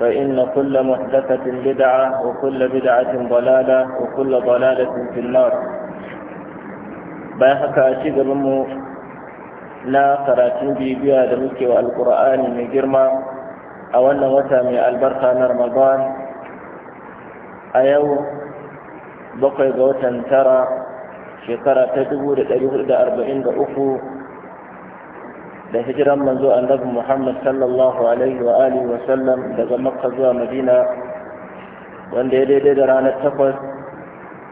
فإن كل محدثة بدعة وكل بدعة ضلالة وكل ضلالة في النار باحك أشيد رمو لا قراتين بيبيا دمك والقرآن من جرما أولا وتامي البرخة رمضان أيو بقي غوتا ترى شكرة تدور الأجهد أربعين بأخو da hijiran manzo annabi Muhammad sallallahu alaihi wa alihi wa sallam daga Makka zuwa Madina wanda ya daidai da ranar takwas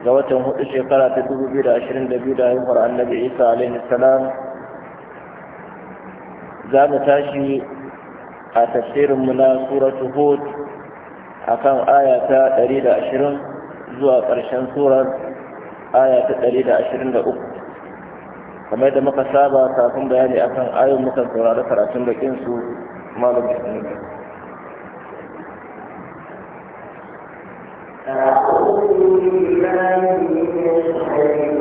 ga watan hudu shekara ta dubu biyu da ashirin da biyu da haihuwar annabi Isa alaihi salam za mu tashi a tafsirin mu na suratu Hud akan aya ta ɗari da ashirin zuwa ƙarshen surar aya ta ɗari da ashirin da uku kamar da muka saba kafin bayani akan ayon muka saurari karatun bakin su malam bismillah أعوذ بالله من الشيطان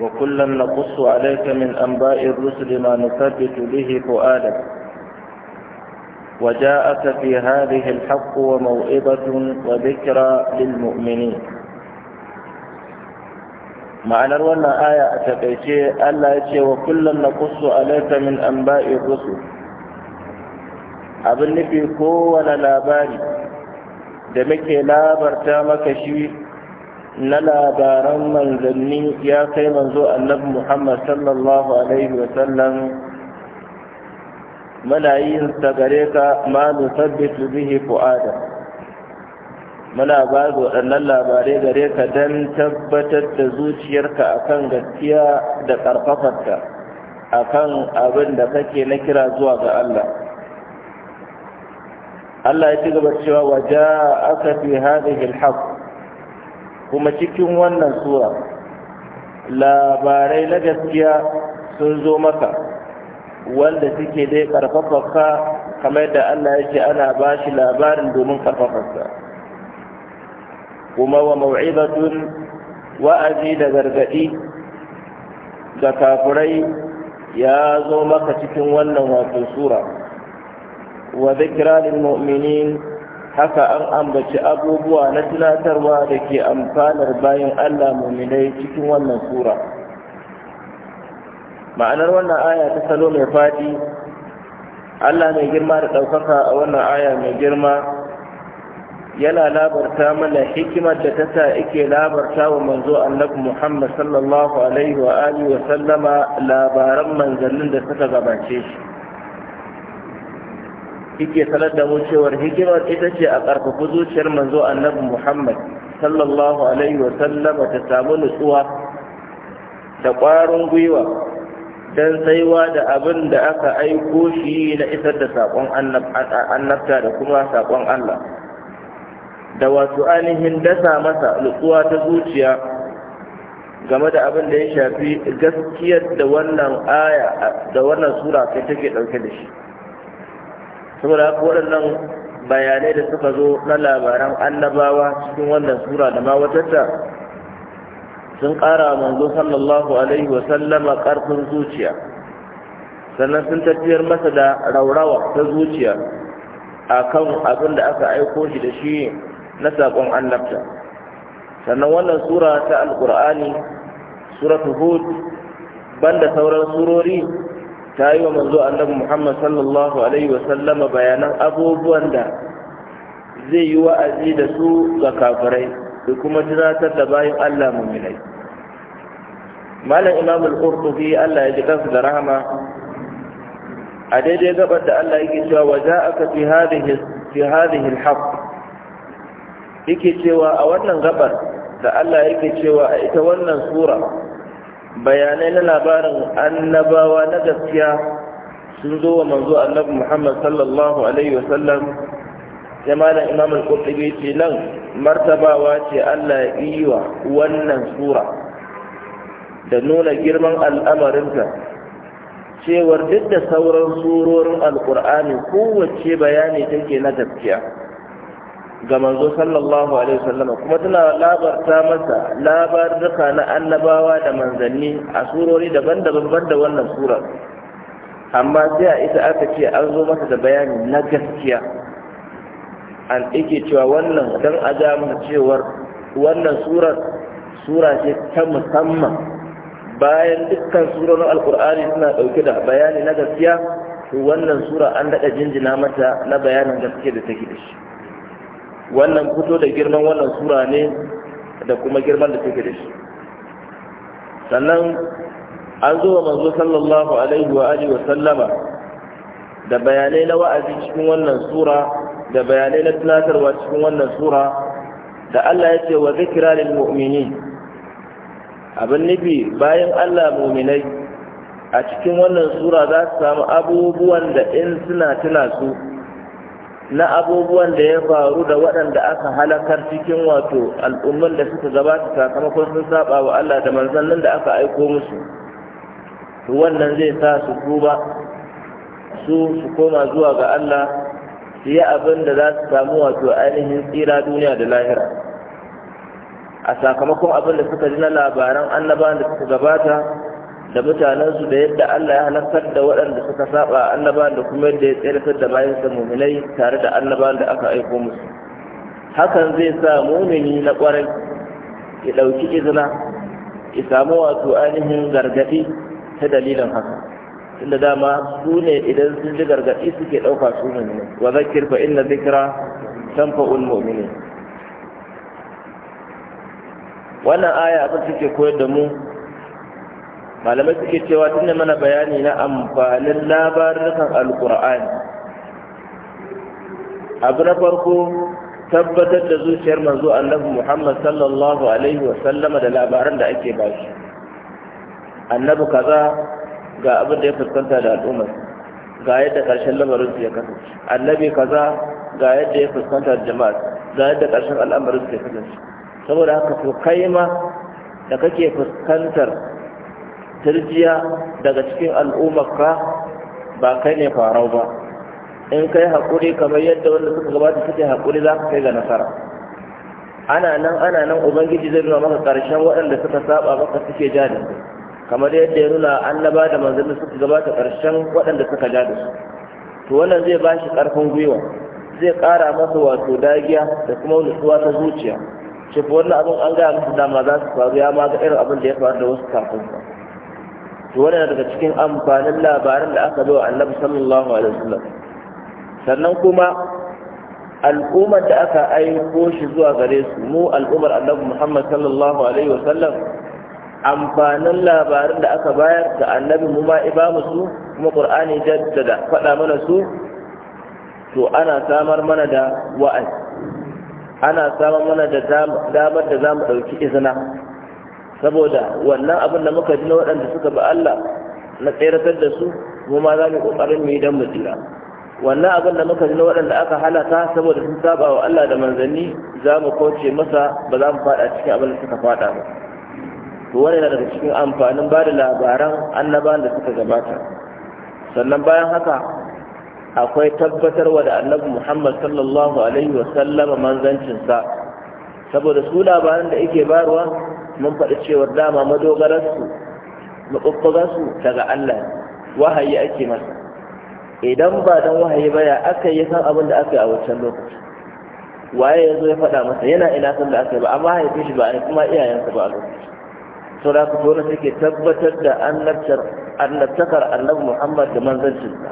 وكلا نقص عليك من أنباء الرسل ما نثبت به فؤادك وجاءك في هذه الحق وموئبة وذكرى للمؤمنين معنى روانا آية أتبعيشي ألا يتشي وكلا نقص عليك من أنباء الرسل أبني في لا للاباني دمك لا برتامك شيء na labaran manzanni ya kai manzo annabi Muhammad sallallahu alaihi wasallam muna yin sa gare ka ma nusabbitu bihi fu'ada muna ba da waɗannan labarai gare ka don tabbatar da zuciyarka akan gaskiya da ƙarfafarta akan abin da kake na kira zuwa ga Allah Allah ya ci gaba cewa waje aka fi haɗa al kuma cikin wannan sura labarai na gaskiya sun zo maka wanda suke dai karfafafa kamar da Allah ya ce ana ba shi labarin domin karfafarsa kuma wa mau'ibatun wa'azi da gargaɗi ga kafurai ya zo maka cikin wannan wato sura wa zikra lil mu'minin haka an ambaci abubuwa na tunatarwa da ke amfanar bayan Allah muminai cikin wannan sura ma'anar wannan aya ta salo mai faɗi Allah mai girma da ɗaukaka a wannan aya mai girma yana labarta mana hikimar da ta sa ike labarta wa manzo annabi Muhammad sallallahu alaihi wa alihi wa sallama labaran manzannin da suka gabace shi kike sanar da mu cewar hikimar ita ce a ƙarfafa zuciyar manzo annabi Muhammad sallallahu alaihi wa sallama ta samu nutsuwa da ƙwarin gwiwa don saiwa da abin da aka aiko shi na isar da saƙon annabta da kuma saƙon Allah da wato ainihin dasa masa nutsuwa ta zuciya game da abin da ya shafi gaskiyar da wannan aya da wannan sura sai take ɗauke da shi saboda haka waɗannan bayanai da suka zo na labaran annabawa cikin wannan sura da ma sun ƙara manzo sallallahu alaihi wa sallama ƙarfin zuciya sannan sun tafiyar masa da raurawa ta zuciya a kan abin da aka aiko shi da shi na saƙon annabta sannan wannan sura ta alƙur'ani suratul hud banda sauran surori ta yi wa manzo annabi muhammad sallallahu alaihi wasallama bayanan abubuwan da zai yi wa'azi da su ga kafirai da kuma jiratar da bayan allah mummunai malam imam al-qurtubi allah ya ji kansu da rahama a daidai gabar da allah yake cewa wa ja'aka fi hadhihi fi hadhihi al-haq yake cewa a wannan gabar da allah yake cewa a ita wannan sura bayanai na labarin annabawa na gaskiya sun zo wa manzo annabi Muhammad sallallahu alaihi wasallam ya malam imam al-qurtubi ce nan martabawa ce Allah iya wannan sura da nuna girman al'amarinta cewar duk da sauran surorin Alƙur'ani, kowace bayani take na gaskiya ga manzo sallallahu alaihi wasallam kuma tana labarta masa duka na annabawa da manzanni a surori daban-daban banda wannan surar amma sai a ita aka ce an zo masa da bayani na gaskiya an ike cewa wannan dan a ga cewar wannan surar sura ce ta musamman bayan dukkan surorin alkur'ani suna ɗauke da bayani na gaskiya to wannan sura an daɗa jinjina mata na bayanin gaskiya da take da shi wannan fito da girman wannan sura ne da kuma girman da take da shi sannan an zo wa manzo sallallahu alaihi wa alihi wa sallama da bayanai na wa'azi cikin wannan sura da bayanai na tunatarwa cikin wannan sura da Allah ya ce wa zikra lil mu'minin abin nufi bayan Allah mu'minai a cikin wannan sura za su samu abubuwan da in suna tuna su na abubuwan da ya faru da waɗanda aka halakar cikin wato al'umman da suka gabata sakamakon sun saba wa Allah da manzannin da aka aiko musu to wannan zai sa su tuba su su koma zuwa ga Allah su yi abin da za su samu wato ainihin tsira duniya da lahira a sakamakon abin da suka ji na labaran annabawan da suka gabata da mutanensu da yadda Allah ya halakar da waɗanda suka saba annabawan da kuma yadda ya tsirkar da bayansa muminai tare da annabawan da aka aiko musu hakan zai sa mumini na ƙwarai ya ɗauki izina ya samu wato ainihin gargaɗi ta dalilin haka tunda dama su ne idan sun ji gargaɗi suke ɗauka su ne wa zakir fa inna zikra tanfa'ul mu'minin wannan aya abin take koyar da mu malamai suke cewa tunda mana bayani na amfanin labarukan alkur'ani abu na farko tabbatar da zuciyar manzo annabi muhammad sallallahu alaihi wasallama da labaran da ake ba shi annabi kaza ga abin da ya fuskanta da al'ummar ga yadda ƙarshen lamarinsu ya kasance annabi kaza ga yadda ya fuskanta da jama'a ga yadda ƙarshen al'amarinsu ya kasance saboda haka to kai ma da kake fuskantar turjiya daga cikin al'ummarka ba kai ne farau ba in kai haƙuri kamar yadda wanda suka gabata suke haƙuri za ka kai ga nasara ana nan ana nan ubangiji zai nuna maka ƙarshen waɗanda suka saba maka suke ja da su kamar yadda ya nuna annaba da manzanni suka gabata ƙarshen waɗanda suka ja da su to wannan zai ba shi ƙarfin gwiwa zai ƙara masa wato dagiya da kuma nutsuwa ta zuciya shi wannan abin an gaya masa dama za su faru ya ma ga irin abin da ya faru da wasu kafin to wannan daga cikin amfanin labarin da aka zo annabi sallallahu alaihi wasallam sannan kuma al'ummar da aka aiko shi zuwa gare su mu al'ummar annabi muhammad sallallahu alaihi wasallam amfanin labarin da aka bayar da annabi mu ma iba musu kuma qur'ani jaddada faɗa mana su to ana samar mana da wa'azi ana samar mana da damar da zamu ɗauki izina saboda wannan abin da muka ji na waɗanda suka bi Allah na tseratar da su mu ma za mu ƙoƙarin mu yi dan mu tsira wannan abin da muka ji na waɗanda aka halata saboda sun saba wa Allah da manzanni za mu kauce masa ba za mu fada cikin abin da suka faɗa ba to wannan yana daga cikin amfanin ba da labaran annabawan da suka gabata sannan bayan haka akwai tabbatarwa da annabi Muhammad sallallahu alaihi wa sallama saboda su labaran da yake barwa mun faɗi cewar dama madogararsu maɓuɓɓugarsu daga Allah wahayi ake masa idan ba don wahayi baya aka yi san abin da aka yi a wancan lokaci waye ya zo ya faɗa masa yana ina san da aka yi ba amma fi shi ba ne kuma iyayensa ba a lokaci sau da aka tona suke tabbatar da annabtakar annabi muhammad da manzancinsa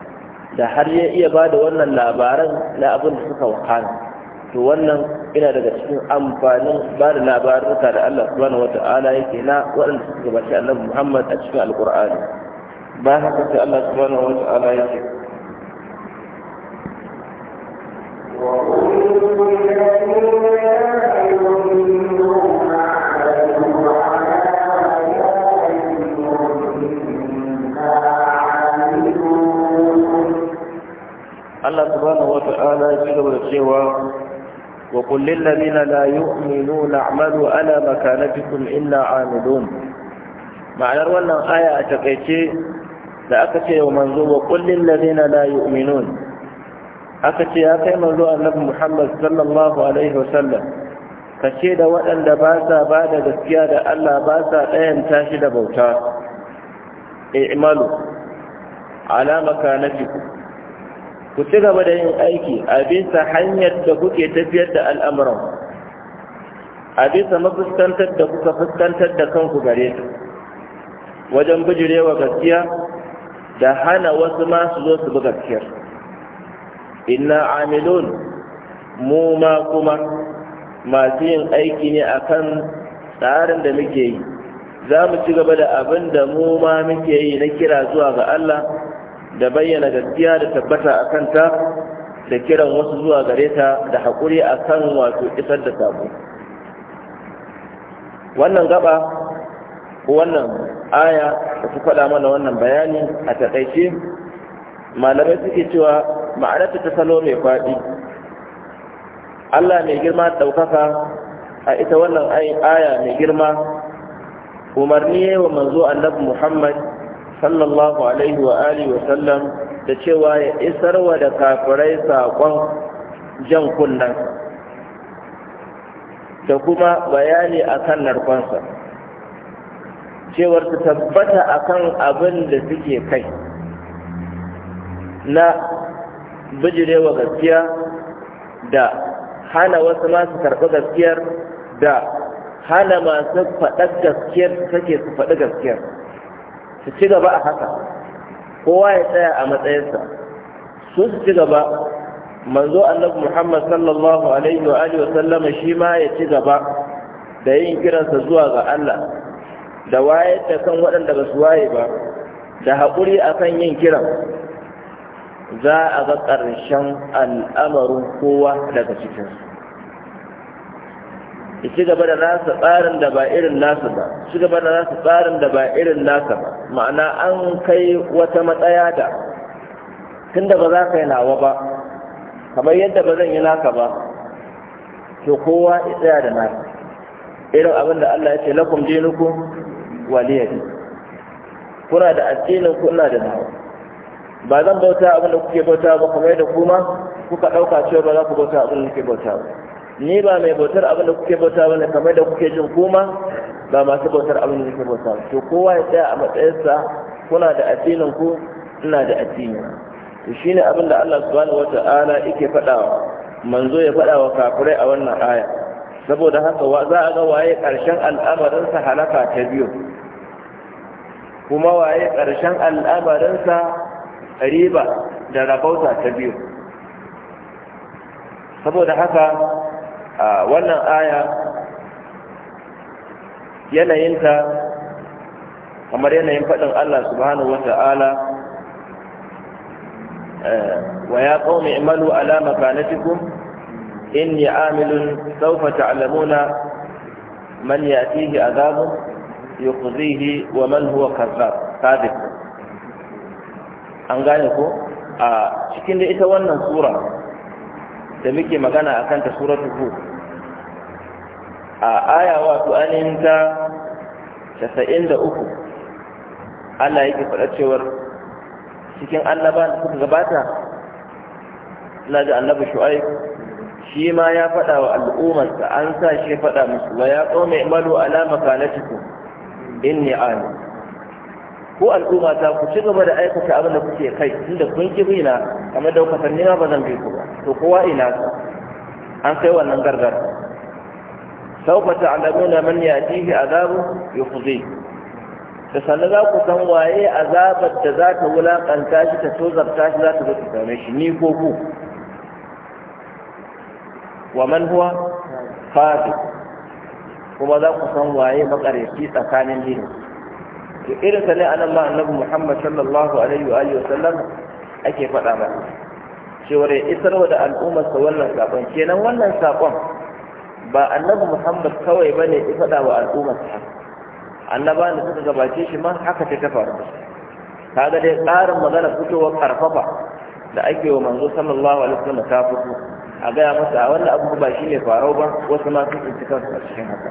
da har ya iya ba da wannan labaran na abin da suka wakana to wannan ina daga cikin amfanin ba da labaruka da Allah subhanahu wata'ala yake na waɗanda suka gabaci annabi Muhammad a cikin alƙur'ani ba haka sai Allah subhanahu wata'ala yake Allah subhanahu wata'ala ya ci gaba da cewa وقل للذين لا يؤمنون اعملوا على مكانتكم إنا عاملون ma'anar wannan aya a takaice da aka ce wa manzo wa kullin ladina la yu'minun aka ce ya kai manzo annabi Muhammad sallallahu alaihi wasallam ka ce da waɗanda ba sa ba da gaskiya da Allah ba sa ɗayan tashi da bauta i'malu ala makanatikum ku ci gaba da yin aiki a bisa hanyar da kuke tafiyar da al'amuran a bisa mafuskantar da kuka fuskantar da kanku gare su wajen bijirewa gaskiya da hana wasu ma su zo su bi gaskiyar inna amilun mu ma kuma masu yin aiki ne a kan tsarin da muke yi za mu ci gaba da abin da mu ma muke yi na kira zuwa ga Allah da bayyana gaskiya da tabbata a kanta da kiran wasu zuwa gare ta da haƙuri a kan wato isar da sabo wannan gaba wannan aya da su faɗa mana wannan bayani a taƙaice malamai suke cewa ma'anarta ta salo mai faɗi allah mai girma ɗaukaka a ita wannan aya mai girma umarni ya yi wa manzo annabi muhammad sallallahu alaihi wa alihi wa sallam da cewa ya isar wa da kafirai saƙon jan kunnan da kuma bayani akan narkonsa cewar su tabbata akan abin da suke kai na bijirewa gaskiya da hana wasu masu karɓi gaskiyar da hana masu faɗar gaskiyar take su faɗi gaskiyar su ci gaba a haka kowa ya tsaya a matsayinsa su ci gaba manzo annabi muhammad sallallahu alaihi wa alihi wa sallama shi ma ya ci gaba da yin kiransa zuwa ga Allah da wayar da kan waɗanda ba su waye ba da haƙuri akan yin kiran za a ga ƙarshen al'amarin kowa daga cikinsu ya ci gaba da nasa tsarin da ba irin nasa ba ci gaba da nasa tsarin da ba irin nasa ba ma'ana an kai wata matsaya da tun da ba za ka yi nawa ba kamar yadda ba zan yi naka ba to kowa ya tsaya da nasa irin abin da Allah ya ce lakum dinukum waliyadi kuna da addinin kuna da nawa ba zan bauta abin da kuke bauta ba kuma yadda kuma kuka ɗauka cewa ba za ku bauta abin da kuke bauta ba ni ba mai bautar abin da kuke bauta ba ne kamar da kuke jin kuma ba masu bautar abin da kuke bauta to kowa ya tsaya a matsayinsa kuna da addinin ku ina da addini to shine abin da Allah subhanahu wata'ala yake faɗawa manzo ya faɗawa kafirai a wannan aya saboda haka wa za a ga waye ƙarshen al'amarinsa halaka ta biyu kuma waye ƙarshen al'amarinsa riba da rabauta ta biyu saboda haka a wannan aya yanayinta kamar yanayin faɗin Allah subhanahu wa ta'ala eh, wa ya qaumi imalu ala makanatikum inni amilun sawfa ta'lamuna man ya'tihi adhabun yukhzihi wa man huwa kadhab kadhib an gane ko a cikin da ita wannan sura da muke magana a kanta suratul hud a aya wato aninta ta casa'in da uku allah yake faɗa cewar cikin annaba da suka gabata na ji annabi shu'aib shi ma ya faɗa wa al'ummarsa an sa shi ya faɗa musu wa ya tsome malu alama In inni ani ko al'umma ta ku ci gaba da aikata abin da kuke kai tunda kun ki na, kamar da kuka ba zan bi ku ba to kowa ina sa an kai wannan gargar سوف تعلمون من يأتيه عذاب يخزيه da sannu za ku san waye azabar da za ta wulaƙanta shi ta tozarta shi za ta zo ta same shi ni ko ku wa man huwa fadi kuma za ku san waye makareci tsakanin dini to irin sa ne anan ma annabi Muhammad sallallahu alaihi wa alihi wa sallam ake faɗa ba? cewar ya isar wa da al'ummarsa wannan saƙon kenan wannan saƙon ba annabi muhammad kawai ba ne ya faɗa wa al'ummarsa annaba da suka gabace shi ma haka ta faru da kaga dai tsarin magana fitowar karfafa da ake wa manzo sallallahu alaihi wasallam ta fito a gaya masa a wannan abu ba shi ne faro ba wasu ma sun tsinci kansu a cikin haka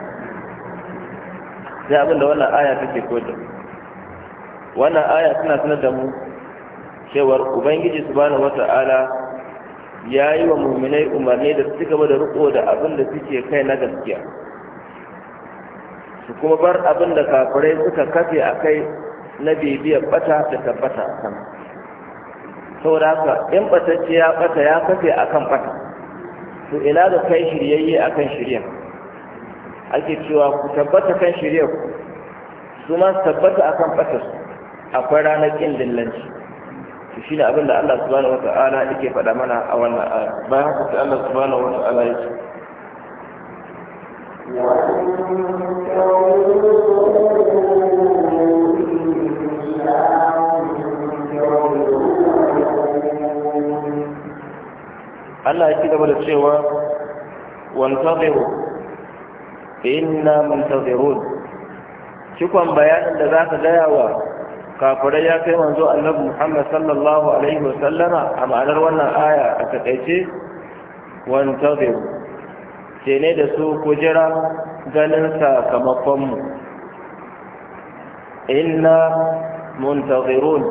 sai abin da wannan aya take koyar wannan aya tana sanar da mu cewar ubangiji subhanahu wata'ala ya yi wa mummunai umarni da su gaba da riko da abin da suke kai na gaskiya su kuma bar abin da kafirai suka kafe a kai na bibiyar bata da tabbata a kan saboda haka in batacce ya bata ya kafe a kan bata to ina da kai shiryayye a kan shirya ake cewa ku tabbata kan shirya ku su ma tabbata a kan bata akwai ranar ƙin dillanci su shi ne abinda Allah subhanahu wa ta'ala yake faɗa mana a wannan aya bayan haka sai Allah subhanahu wa ta'ala ya ce Allah ya ci gaba da cewa wantaziru inna muntazirun cikon bayanin da za ka gaya wa kafirai ya kai manzo annabi Muhammad sallallahu alaihi wasallama a ma'anar wannan aya a takaice wantazir ce ne da su ku jira ganin sakamakonmu inna muntazirun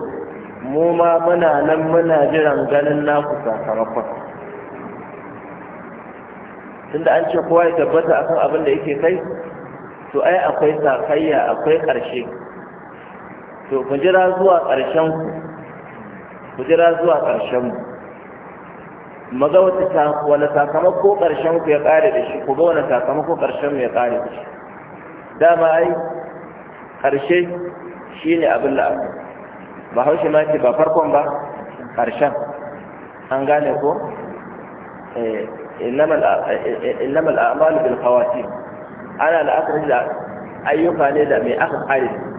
mu ma muna nan muna jiran ganin naku sakamakon tunda an ce kowa ya tabbata akan abin da yake kai to ai akwai sakayya akwai ƙarshe to ku jira zuwa ƙarshen ku jira zuwa ƙarshen mu maga wata wani sakamako ƙarshen ku ya ƙare da shi ku ga wani sakamako ƙarshen mu ya ƙare da shi dama ai ƙarshe shi ne abin la'abu ba haushe ma ce ba farkon ba ƙarshen an gane ko eh, innamal a'malu bil khawatim ana la'akari da ayyuka ne da mai aka ƙare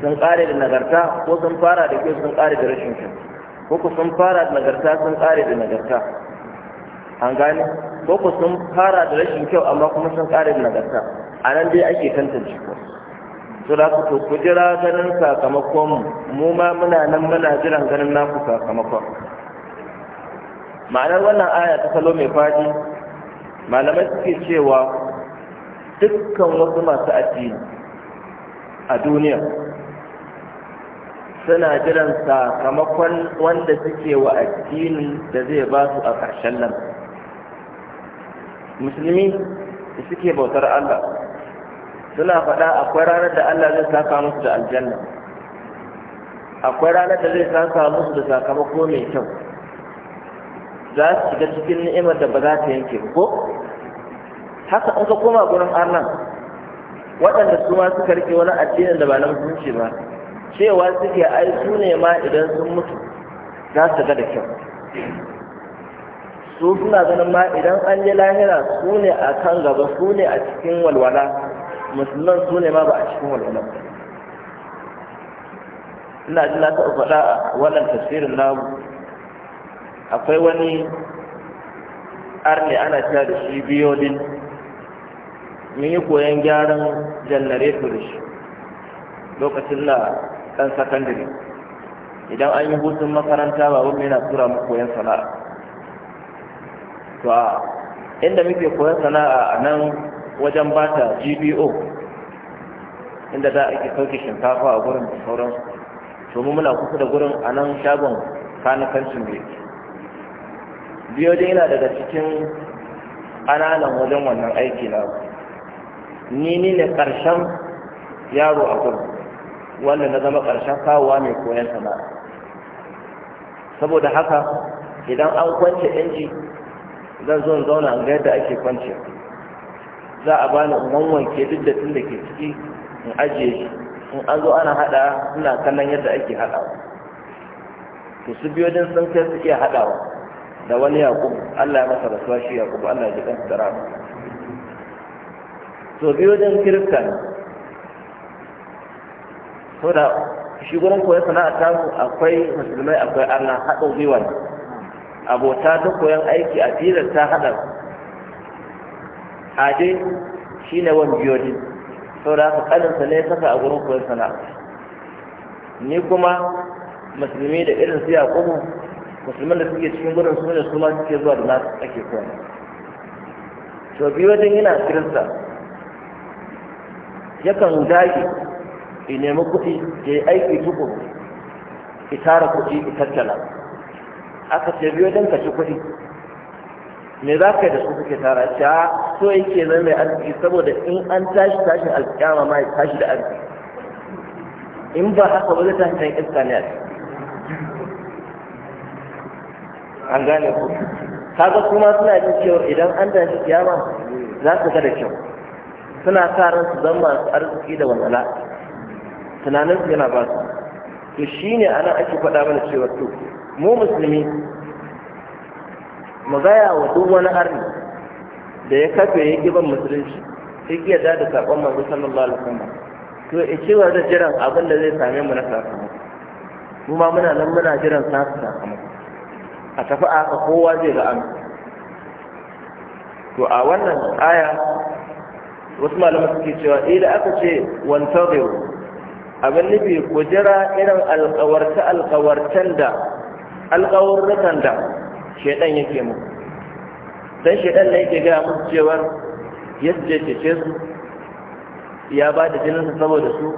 sun kare da nagarta ko sun fara da ke sun kare da rashin kyau ko ku sun fara da nagarta sun kare da nagarta an gane ko ku sun fara da rashin kyau amma kuma sun kare da nagarta a nan dai ake tantance ku to da ku ku jira ganin sakamakon mu ma muna nan muna jiran ganin naku sakamakon ma'anar wannan aya ta salo mai fadi malamai suke cewa dukkan wasu masu addini a duniya suna jiran sakamakon wanda suke wa addinin da zai ba su a ƙarshen nan musulmi da suke bautar Allah suna faɗa akwai ranar da Allah zai saka musu da aljanna akwai ranar da zai saka musu da sakamako mai kyau za su shiga cikin ni'imar da ba za ta yanke ko haka an ka koma gurin Allah waɗanda su ma suka rike wani addinin da ba na musulunci ba cewa suke ai su ne ma idan sun mutu za su ga da kyau su suna ganin ma idan an yi lahira su ne a kan gaba su ne a cikin walwala musulman su ne ma ba a cikin walwala ina ji na taɓa faɗa a wannan tasirin namu akwai wani arne ana cewa da shi biyodin mun yi koyon gyaran janareto da shi lokacin da Dan sakandare idan an yi hutun makaranta ba, wani yana tura mu koyon sana'a to a inda muke koyon sana'a a nan wajen bata gbo inda za a ke sauke shinkafa a gurin da sauransu domin muna kusa da gurin a nan shagon kanakancin biyu biyo dai yana daga cikin ƙananan wajen wannan aiki na ni ne ƙarshen yaro a gurin wannan na zama ƙarshen kawowa mai koyon sana'a saboda haka idan an kwance yanci zan zo zauna ga yadda ake kwance za a bani in wanwanke duk da tun da ke ciki in ajiye shi in an zo ana haɗa ina kallon yadda ake haɗawa to su biyodin sun kai su iya haɗawa da wani yaƙubu allah ya masa rasuwa shi yaƙubu allah ya ji kansa da rama to din kirista ne so da shi gurin koyon sana'a ta akwai musulmai akwai allah haɗin gwiwa abota ta koyon aiki a filin ta haɗa aje shi ne wani biyodin sau da haka ƙaninsa ne saka a gurin koyon sana'a ni kuma musulmi da irin su yaƙubu musulman da suke cikin gudun su ne su ma suke zuwa da nasu ake koyon to biyodin yana kirista yakan dage ya nemi kuɗi ya yi aiki tukuru Ki tara kuɗi ya tattala aka ce biyo don ka ci kuɗi me za ka yi da su kake tara ci a ah, so yake zai mai arziki saboda in an tashi tashin alƙiyama ma ya tashi da arziki in ba haka ba zai tashi can iska ne an gane ku kaga kuma suna jin cewa idan an tashi kiyama za su ga da kyau suna sa ran su zama arziki da walwala tunaninsu yana ba su to shi ne a nan ake faɗa mana cewa to mu musulmi mu gaya wa duk wani arni da ya kafe ya ƙi ban musulunci Sai ƙi yadda da saƙon manzo sallallahu alaihi wasallam to ya ce wa da jiran abin da zai same mu na sakamako mu ma muna nan muna jiran nasu sakamako a tafi a haka kowa zai ga amsa to a wannan aya wasu malamai suke cewa 'Ila aka ce wantaziru abin nufi ku jira irin alkawarta alkawartan da alkawarrukan da shaidan yake mu don shaidan ne yake gaya musu cewar yadda ya cece su ya ba da jininsa saboda su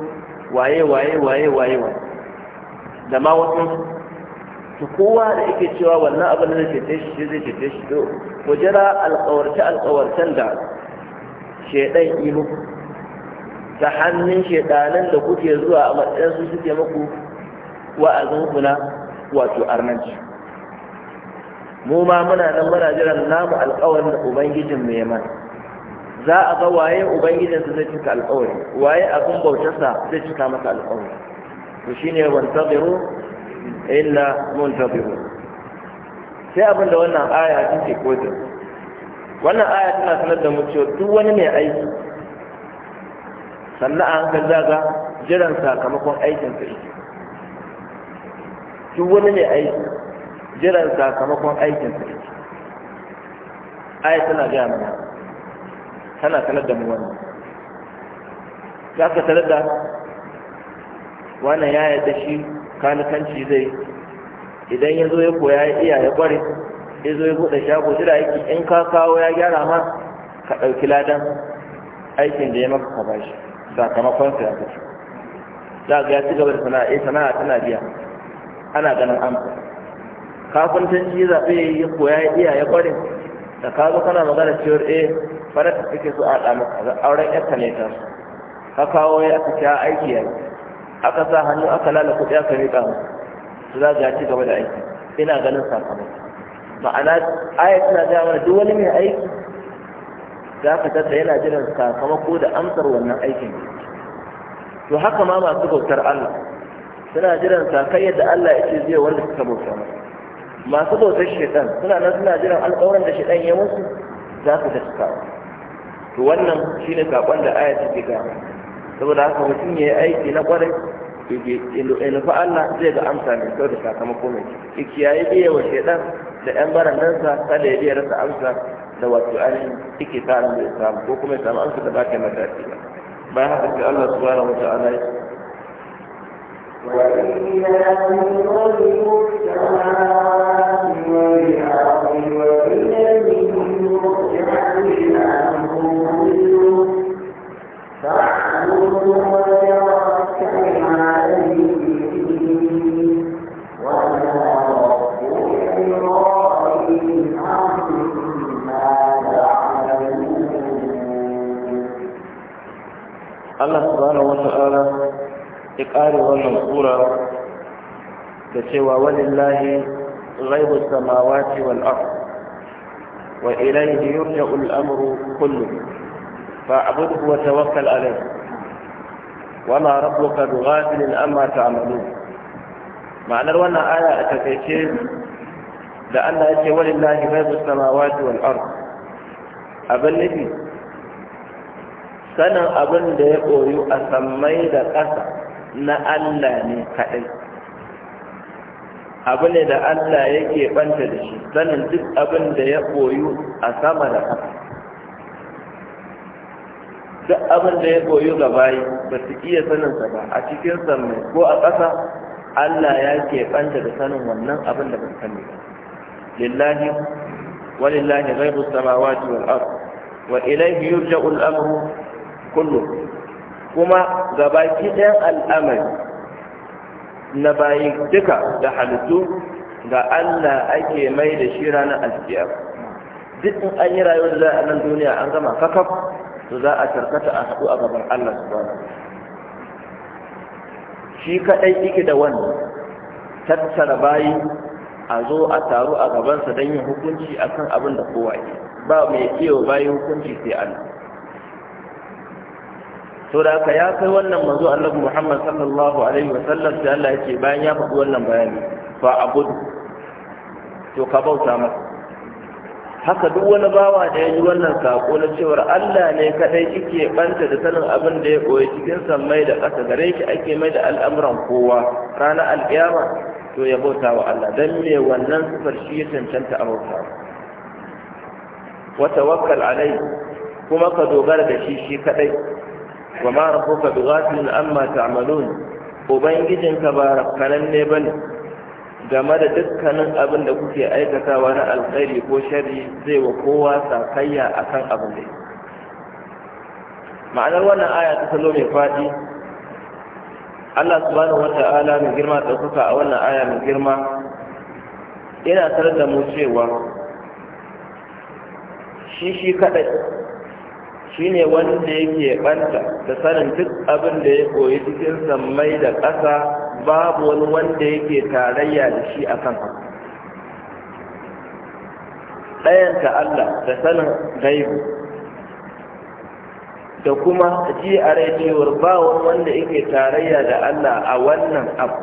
waye waye waye waye waye da ma wasu su kowa da yake cewa wannan abin da zai ce shi zai ce shi to ku jira alkawarta-alkawartan da shaidan yi muku ta hannun shedanan da kuke zuwa a matsayin suke muku wa'azin kuna wato arnanci mu ma muna nan muna jiran namu alƙawarin da ubangijin mai mana za a ga waye ubangijinsa zai cika alƙawari waye abin bautarsa zai cika masa alƙawari to shine wantaziru illa muntaziru sai abin da wannan aya take kodin wannan aya tana sanar da mu cewa duk wani mai aiki sannan a hankali za jiran sakamakon aikinsa ita duk wani ne aiki jiran sakamakon aikinsa ita aya tana gaya mana tana sanar da mu wannan za ka sanar da wannan ya yarda shi kanikanci zai idan ya zo ya koya ya iya ya kware ya zo ya buɗe shago jira aiki in ka kawo ya gyara ma ka ɗauki ladan aikin da ya maka ka bashi sakamakon sa ya fito za ga ya ci gaba da sana'a eh sana'a tana biya ana ganin amsa kafintanci ya zaɓe ya koya ya iya ya ƙware da ka zo kana magana cewar eh farar da suke so a ɗamu auren yarka ne ta ka kawo ya aka kya aiki ya aka sa hannu aka lalata kuɗi aka miƙa mu su za ga ci gaba da aiki ina ganin sakamako ma'ana ayat tana gaya mana duk wani mai aiki za ka tattara yana jiran sakamako da amsar wannan aikin to haka ma masu bautar Allah suna jiran sakai yadda Allah yake zai wanda suka bauta masa masu bautar shaitan suna nan suna jiran alƙawarin da shaitan ya musu za su tattara to wannan shine sakon da aya take ga saboda haka mutum ya yi aiki na ƙwarai, ya nufi Allah zai ga amsa mai kyau da sakamako mai kyau ya kiyaye biye wa shaitan da 'yan barandansa kada ya biya rasa amsa da wato ainihin yake sa ran da samu ko kuma ya samu amsa da ba ta mataki ba bayan haka sai Allah subhanahu wa ta'ala ya Thank Allah subhanahu wata'ala ya ƙare wannan sura da cewa walillahi ghaibu samawati wal ard wa ilayhi yurja'u al amru kullu fa'budhu wa tawakkal alayhi wa ma rabbuka bighafilin amma ta'malun ma'anar wannan aya a takaice da Allah ya ce walillahi ghaibu samawati wal ard abin nufi sanin abin da ya koyu a sammai da ƙasa na Allah ne kaɗai abu ne da Allah yake ɓanta da shi sanin duk abin da ya koyu a sama da ƙasa duk abin da ya koyu ga bayi ba su iya saninsa ba a cikin sammai ko a ƙasa Allah ya ke ɓanta da sanin wannan abin da ba su sani ba lillahi walillahi ghaibus samawati wal ard wa ilayhi yurja'u al-amru kullu kuma gabaki ɗayan al'amari na bayi duka da halittu ga Allah ake mai da shi ranar alkiyar duk in an yi rayuwar za a nan duniya an gama kakaf to za a tarkata a haɗu a gaban Allah subhanahu shi kaɗai yake da wannan tattara bayi a zo a taru a gabansa don yin hukunci akan abin da kowa ba mai iya bayi hukunci sai Allah to da aka ya kai wannan manzo Allah Muhammad sallallahu alaihi wa sallam sai Allah yake bayan ya faɗi wannan bayani fa abud to ka bauta masa haka duk wani bawa da ya ji wannan sako na cewar Allah ne kadai kike banta da sanin abin da ya koyi cikin sammai da ƙasa gare ki ake mai da al'amuran kowa ranar alƙiyama to ya bauta wa Allah dan me wannan sifar shi ya cancanta a bauta wa tawakkal alai kuma ka dogara da shi shi kadai wa ma rabbuka bighafilin amma ta'malun ubangijinka ba rafkanan ne bane game da dukkanin abin da kuke aikatawa na alkhairi ko shari zai wa kowa sakayya akan abu ne. ma'anar wannan aya ta salo mai faɗi Allah subhanahu wata'ala mai girma ɗaukaka a wannan aya mai girma yana tar da mu cewa shi shi kaɗai Shi ne wanda yake banta da sanin duk abin da ya koyi cikin sammai da ƙasa babu wani wanda yake tarayya da shi akan haka ɗayanta Allah da sanin gaibu da kuma ji a rai cewar ba wanda yake tarayya da Allah a wannan abu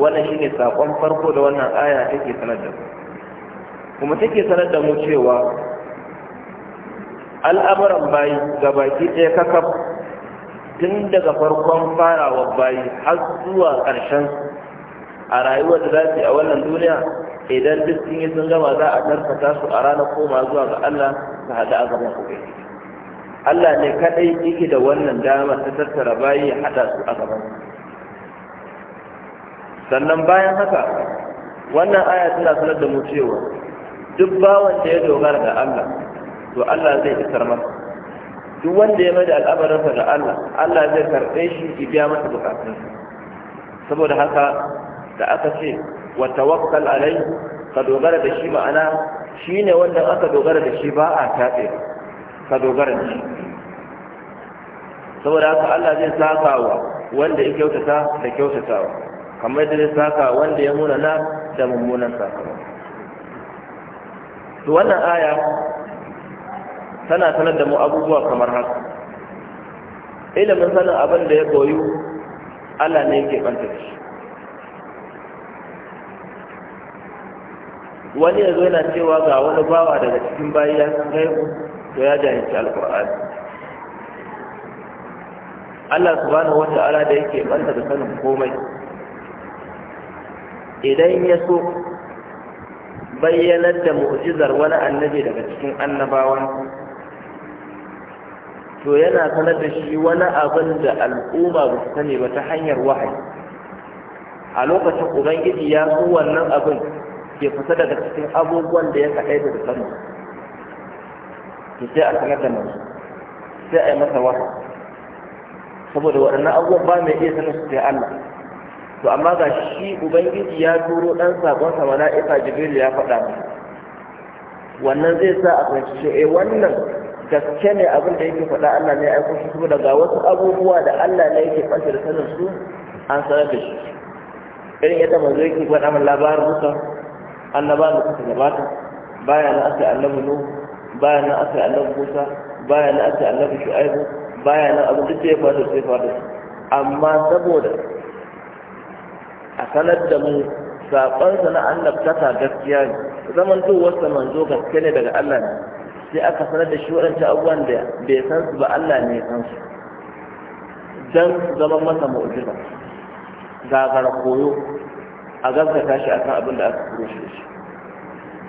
wannan ne saƙon farko da wannan aya take sanar da mu kuma take sanar da mu cewa al'amuran bayi ga baki ɗaya kakaf tun daga farkon farawa bayi har zuwa ƙarshen a rayuwar da za su a wannan duniya idan duk sun yi sun gama za a tarkata su a ranar koma zuwa ga Allah su haɗu a gaban kuɓe. Allah ne kaɗai yake da wannan damar ta tattara bayi ya haɗa su a gaban sannan bayan haka wannan aya tana sanar da mu cewa duk bawan da ya dogara da Allah to Allah zai isar masa duk wanda ya mai da al'amarinsa ga Allah Allah zai karɓe shi ya biya masa bukatun saboda haka da aka ce wa tawakkal alai ka dogara da shi ma'ana shine wanda aka dogara da shi ba a tabe ka dogara da shi saboda haka Allah zai saka wa wanda ya kyautata da kyautatawa kamar yadda zai saka wanda ya munana da mummunan sakamako to wannan aya tana sanar da mu abubuwa kamar haka ilimin sanin abin da ya koyu Allah ne yake banta shi wani ya zo yana cewa ga wani bawa daga cikin bayi ya san gaibu to ya jahilci alkur'ani Allah subhanahu wa ta'ala da yake banta da sanin komai idan ya so bayyanar da mu'jizar wani annabi daga cikin annabawan to yana sanar da shi wani abin da al'umma ba su sani ba ta hanyar wahayi a lokacin ubangiji ya so wannan abin ke fita daga cikin abubuwan da ya kaɗai da sani to sai a sanar da manzo sai a yi masa wahayi saboda waɗannan abubuwan ba mai iya sanar su sai Allah to amma ga shi ubangiji ya turo ɗan saƙonsa mala'ika jibril ya faɗa wannan zai sa a fahimci eh wannan gaske ne abin da yake faɗa Allah ne ya aiko shi kuma daga wasu abubuwa da Allah ne yake fashe da sanin su an sanar da shi irin yadda manzo yake faɗa min labarin Musa annaba da suka gabata baya na aka annabi Nuh baya na aka annabi Musa baya na aka annabi Shu'aibu baya na abin duk da ya faru sai faru amma saboda a sanar da mu sabansa na annabtaka gaskiya ne zaman to wasa manzo gaske ne daga Allah ne sai aka sanar da shi waɗancan abubuwan da bai san su ba Allah ne san su dan zama masa mu'jiza gagara koyo a gaskata shi akan abin da aka kuro shi shi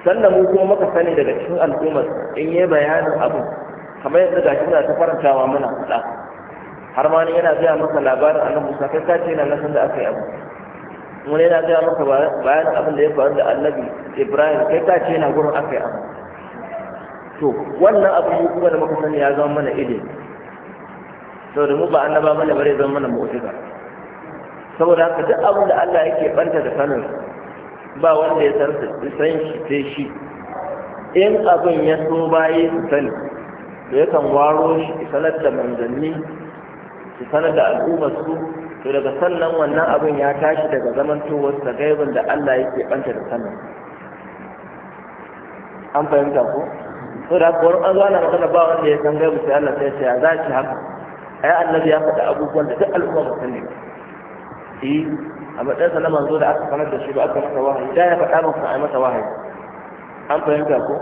sannan mu kuma muka sani daga cikin al'ummar in yi bayanin abu kamar yadda ga shi muna ta farantawa muna da har ma yana gaya maka labarin annabi musa kai kace yana nasan da aka yi abu wani yana gaya maka bayanin abin da ya faru da annabi ibrahim kai kace yana gurin aka yi abu to wannan abu mu kuma da muka sani ya zama mana ilimi saboda mu ba annaba mana bare zama mana mu'jiza saboda haka duk abin da Allah yake banta da sanin ba wanda ya san shi san shi sai shi in abin ya so baye su sani to yakan waro shi sanar da manzanni su sanar da al'umma su to daga sannan wannan abin ya tashi daga zamantowar sa gaibin da Allah yake banta da sanin an fahimta ko so da kuwar an zuwa na magana ba wanda ya san gaibu sai Allah sai ce ya za shi haka yi annabi ya faɗa abubuwan da duk al'umma ba san ba eh, a matsayinsa na manzo da aka sanar da shi ba aka masa wahayi da ya faɗa masa a masa wahayi an fahimta ko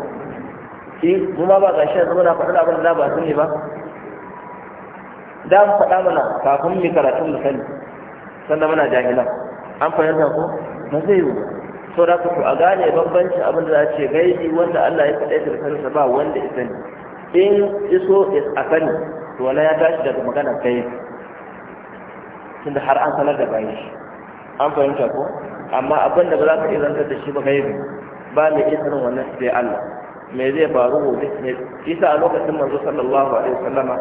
shi eh, mu ma ba ga shi zama na faɗa abin da ba san ne ba da mu faɗa mana kafin mu karatun mu sani sannan muna jahilan an fahimta ko ba zai yi ba sau ku a gane bambanci abin da za ce gaibi wanda Allah ya kaɗai da kansa ba wanda ya sani in iso a sani to wala ya tashi daga magana kai tunda har an sanar da bayan shi an fahimta ko amma abin da ba za ka iya zantar da shi ba gaibi ba mai iya sanin wannan sai Allah me zai faru gobe isa a lokacin manzo sallallahu alaihi wasallama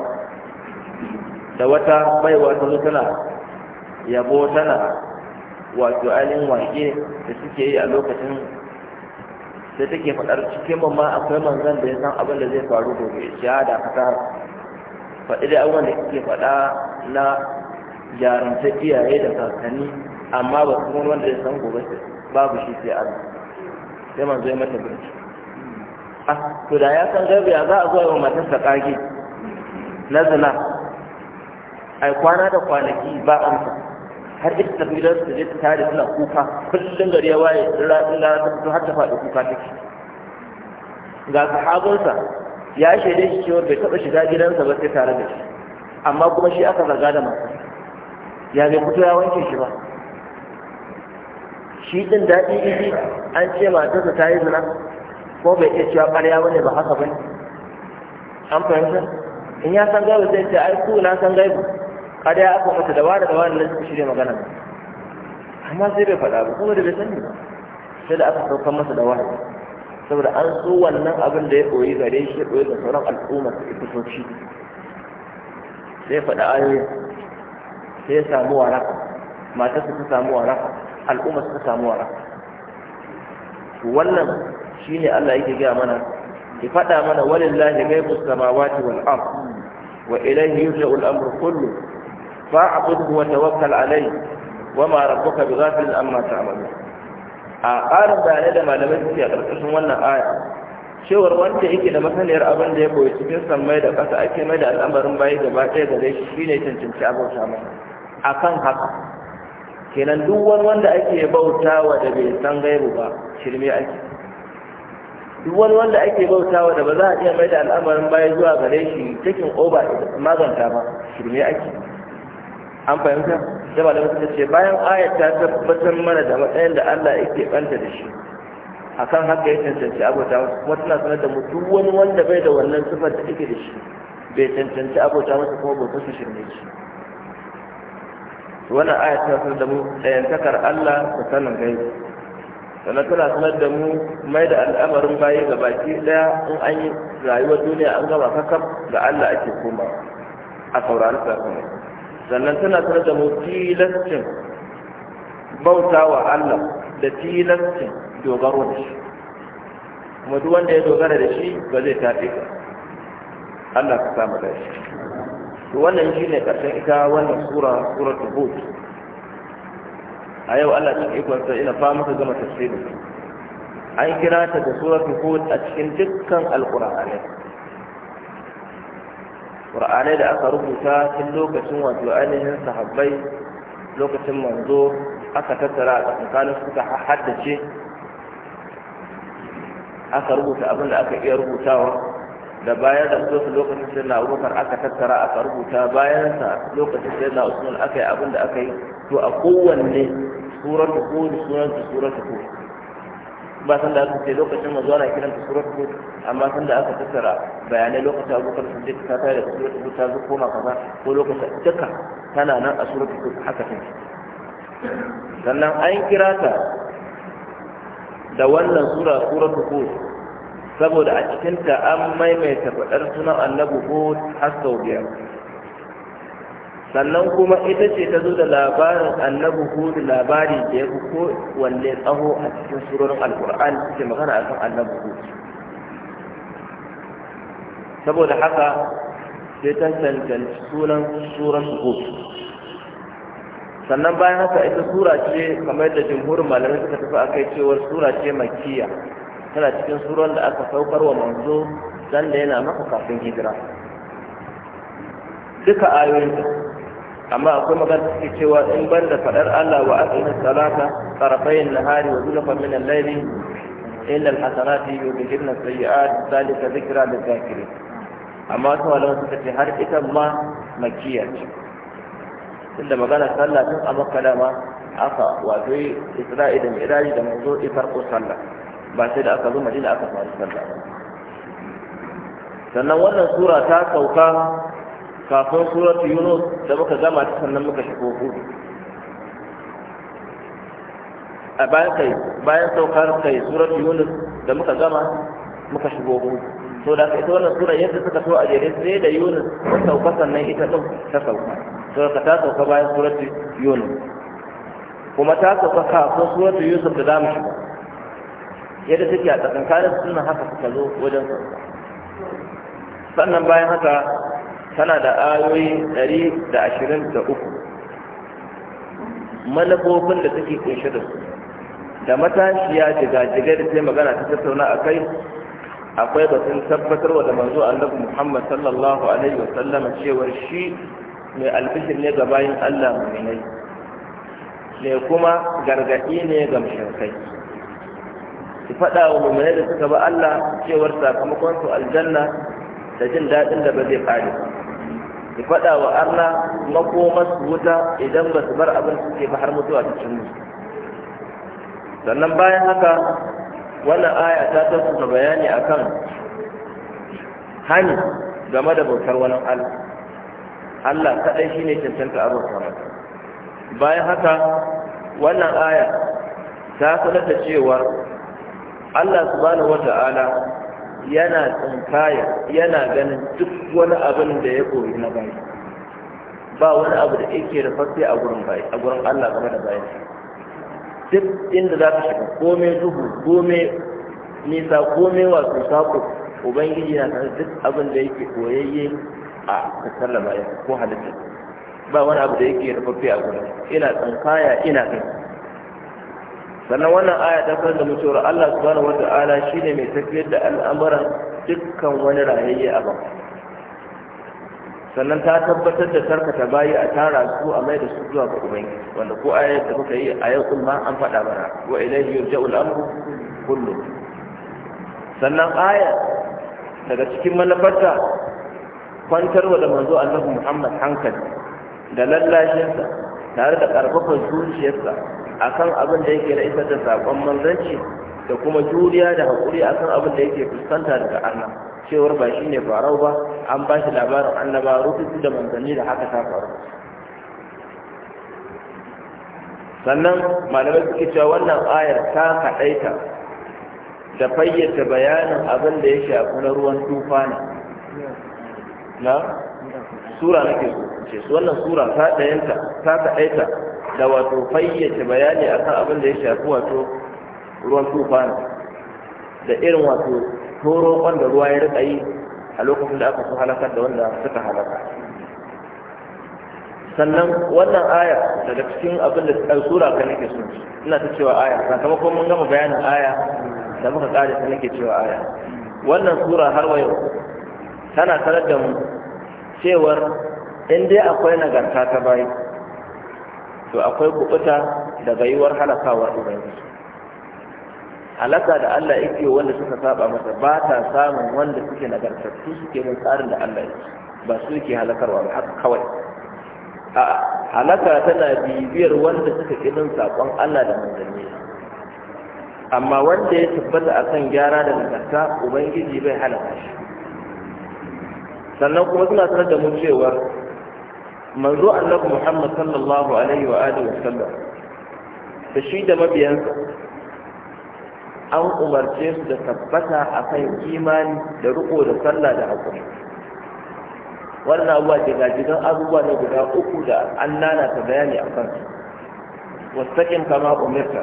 da wata baiwa ta zo tana yabo tana wato ainihin wake da suke yi a lokacin sai take faɗar cikin mamma akwai manzan da ya san abin da zai faru gobe ya da kasa faɗi da abubuwan da suke faɗa na jarumta iyaye da kakanni amma ba su wani wanda ya san gobe babu shi sai an sai manzo ya mata birki a ah, to da ya san gabiya za a zuwa wa matarsa ƙage na zina ai kwana da kwanaki ba amsa har ita ta gidan su je ta da suna kuka kullum gari ya waye rana ta fito har ta faɗi kuka take ga sahabinsa ya shaide shi cewa bai taɓa shiga gidansa ba sai tare da shi amma kuma shi aka zaga da masu ya bai fito ya wanke shi ba shi ɗin daɗi iri-iri, an ce matarsa ta yi zina ko bai iya cewa ƙarya wani ba haka ba ne. an fahimta in ya san gaibu sai ce ai ku na san gaibu kada ya aka mutu da wani da wani da suka shirya magana amma sai bai faɗa ba da bai sani ba sai da aka saukan masa da wahayi saboda an so wannan abin da ya koyi gare shi ya koyi da sauran al'umma su shi. sai faɗa ayoyi sai ya samu waraka matarsa ta samu waraka al'umma ta samu waraka wannan shine Allah yake gaya mana ki faɗa mana walillahi ghaibus samawati wal ard wa ilayhi yurja'u al-amru kullu fa'budhu wa tawakkal alayhi wa ma rabbuka bighafil amma ta'malun a ƙarin bayanai da malamai suke a ƙarƙashin wannan aya cewar wanda yake da masaniyar abin da ya koyi cikin sammai da ƙasa ake mai da al'amarin bayi ba ɗaya gare shi shine cancanci abauta a akan haka kenan duk wani wanda ake bautawa da bai san gaibu ba shirme ake duk wani wanda ake bautawa da ba za a iya mai da al'amarin baya zuwa gare shi cikin oba maganta ba shirme ake an fahimta da malamin suka ce bayan aya ta tabbatar mana da matsayin da Allah yake banta da shi akan haka ya cancanci abota kuma tana sanar da mu duk wani wanda bai da wannan sifar da yake da shi bai cancanci abota masa kuma bai kusa shirme shi wannan aya ta sanar da mu tsayantakar Allah ta sanin gai sannan tana sanar da mu mai da al'amarin bayi ga baki daya in an yi rayuwar duniya an gaba kakaf ga Allah ake koma a saurari sakamako sannan tana sanar da mu tilastin bauta wa Allah da tilastin dogaro da shi kuma duk wanda ya dogara da shi ba zai tafi ba Allah ka samu da shi to wannan ne karshen ita wannan sura suratul hud a yau Allah cikin ikon sai ina fa maka gama tafsirin an kira ta da suratul hud a cikin dukkan alqur'ani ƙur'anai da aka rubuta cikin lokacin wato ainihin sahabbai lokacin manzo aka tattara a tsakanin suka haddace aka rubuta abin da aka iya rubutawa da bayan da su lokacin sai na abubakar aka tattara aka rubuta bayan sa lokacin sai na usman aka yi abin da aka yi to a kowanne suratu ko suratu suratu ko ba san da aka ce lokacin manzo na kiranta suratul hud amma san da aka tattara bayanai lokacin abubakar siddiq ta tare da suratul hud ta zo koma kaza ko lokacin duka tana nan a suratul hud haka take sannan an kira ta da wannan sura suratul hud saboda a cikinta an maimaita faɗar sunan annabi hud har sau biyar sannan kuma ita ce ta zo da labarin annabi hudu labari da ya ko wanne tsaho a cikin surorin alkur'an suke magana akan annabi hudu saboda haka sai ta cancanci sunan surar hudu sannan bayan haka ita sura ce kamar da jimhurin malamai suka tafi a kai cewar sura ce makiya tana cikin surar da aka saukar wa manzo dan da yana maka kafin hijira duka ayoyin amma akwai magana take cewa in ban da faɗar Allah wa aqimis salata tarafayn nahari wa zulfan min al-layli inna al-hasanati yudhhibna as-sayyi'at zalika dhikra lil-zakirin amma wasu malaman suka ce har ita ma makiyya ce tunda magana sallah tun a makka aka wato isra'i da mi'raji da manzo ya farko sallah ba sai da aka zo madina aka fara sallah sannan wannan sura ta sauka kafin surat yunus da muka gama ta sannan muka shigo hudu a bayan kai bayan saukar kai surat yunus da muka gama muka shigo hudu so da ita wannan sura yadda suka so a jere sai da yunus ta sauka sannan ita din ta sauka to ka ta sauka bayan surat yunus kuma ta sauka kafin surat yusuf da zamu shiga yadda suke a tsakankanin sunan haka suka zo wajen sauka sannan bayan haka tana da ayoyi 123 manufofin da suke kunshe da su da matashiya jigajigai da sai magana ta tattauna a kai akwai batun tabbatarwa da manzo annabi Muhammad sallallahu alaihi wa sallama cewar shi mai albishir ne ga bayan Allah mu'minai ne kuma gargadi ne ga mushrikai Su fada wa mu'minai da suka ba Allah cewar sakamakon su aljanna da jin daɗin da ba zai kare ya faɗa wa Allah makomas wuta idan ba su bar abin suke ba har mutuwa ta cin musu sannan bayan haka wannan aya ta tattata bayani akan hani game da bautar wani Allah Allah kaɗai shi ne cancanta abauta bayan haka wannan aya ta sanar da cewa Allah subhanahu ala. yana tsinkaya yana ganin duk wani abin da ya koyi na bayi ba wani abu da yake da fasai a gurin bayi a gurin Allah game da bayi duk inda za ka shiga komai duhu komai nisa komai wasu sako ubangiji na sanar duk abin da yake koyayye a kasar da bayan ko halitta ba wani abu da yake da fasai a gurin ina tsinkaya ina kai sannan wannan aya ta sanar da mu cewa Allah subhanahu wata'ala shine mai tafiyar da al'amuran dukkan wani rayayye a ban sannan ta tabbatar da tarkata bayi a tara su a mai da su zuwa ga ubangiji wanda ko ayar da kuka yi a yau din an faɗa mana wa ilayhi yurja'u al-amru kullu sannan aya daga cikin manufarta kwantarwa da manzo annabi Muhammad hankali da lallashinsa tare da karfafa zuciyarsa akan abin da yake na isar da sakon manzanci da kuma juriya da haƙuri akan abin da yake fuskanta daga Allah cewar ba shine farau ba an ba shi labarin annaba rubutu da manzanni da haka ta faru sannan malamai suke cewa wannan ayar ta kaɗaita da fayyace bayanin abin da ya shafi na ruwan tufana na sura nake so ce wannan sura ta ɗayanta ta kaɗaita da wato fayyace bayani akan abin da ya shafi wato ruwan tufana da irin wato toro wanda ruwa ya rika yi a lokacin da aka su halakar da wanda suka halaka sannan wannan aya daga cikin abin da ɗan sura ka nake so ina ta cewa aya sakamakon mun gama bayanin aya da muka kare ta nake cewa aya wannan sura har wa yau tana sanar da mu cewar in dai akwai nagarta ta bayi to akwai kubuta daga yiwuwar halakawar ubangiji halaka da Allah yake wanda suka saba masa ba ta samun wanda suke nagartattu suke mun tsarin da Allah yake ba su yake halakarwa ba haka kawai a halaka tana bibiyar wanda suka kidin sakon Allah da manzanni amma wanda ya tabbata akan gyara da nagarta ubangiji bai halaka shi sannan kuma suna sanar da mu cewa manzo annabi muhammad sallallahu alaihi wa alihi wa sallam da shi da mabiyansa an umarce su da tabbata akan imani da riko da sallah da hakuri wannan abubuwa jigajigan abubuwa na guda uku da an lalata bayani a kansu wasaƙin kama umirta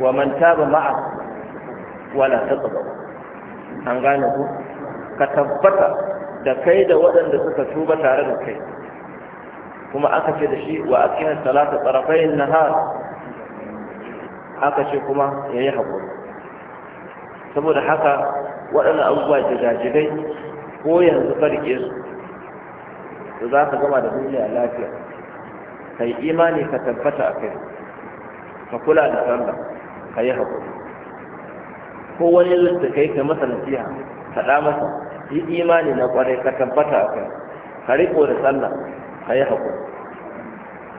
wa man taba ma'a wala taqba an gane ku ka tabbata da kai da waɗanda suka tuba tare da kai kuma aka ce da shi wa akihin salata tsarafayin nahar aka ce kuma ya yi haƙuri saboda haka waɗanda abubuwa jigajigai ko yanzu farke su to za ka gama da duniya lafiya ka yi imani ka tabbata a kai ka kula da sallah ka yi haƙuri ko wani da kai ka masa nasiha ka ɗa masa yi imani na kwarai ka tabbata a kai ka riko da sallah ka yi haƙuri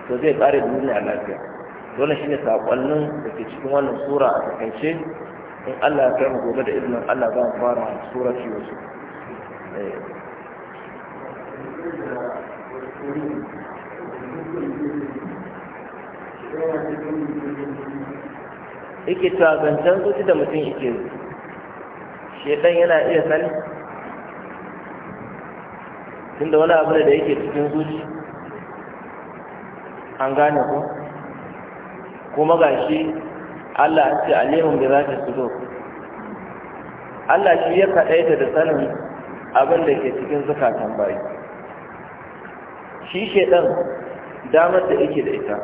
to zai ƙare da duniya lafiya Dole shine saƙonnin da ke cikin wannan sura a takaice in Allah ya kai mu gobe da izinin Allah za mu fara sura ci wasu Ike eh. ta zancen zuci da mutum shi ɗan yana iya sani tunda wani abu da yake cikin zuci an gane ku kuma ga shi Allah ce ce alimun bi su zo. Allah shi ya kadaita da sanin abin da ke cikin zukatan bayi shi shedan damar da yake da ita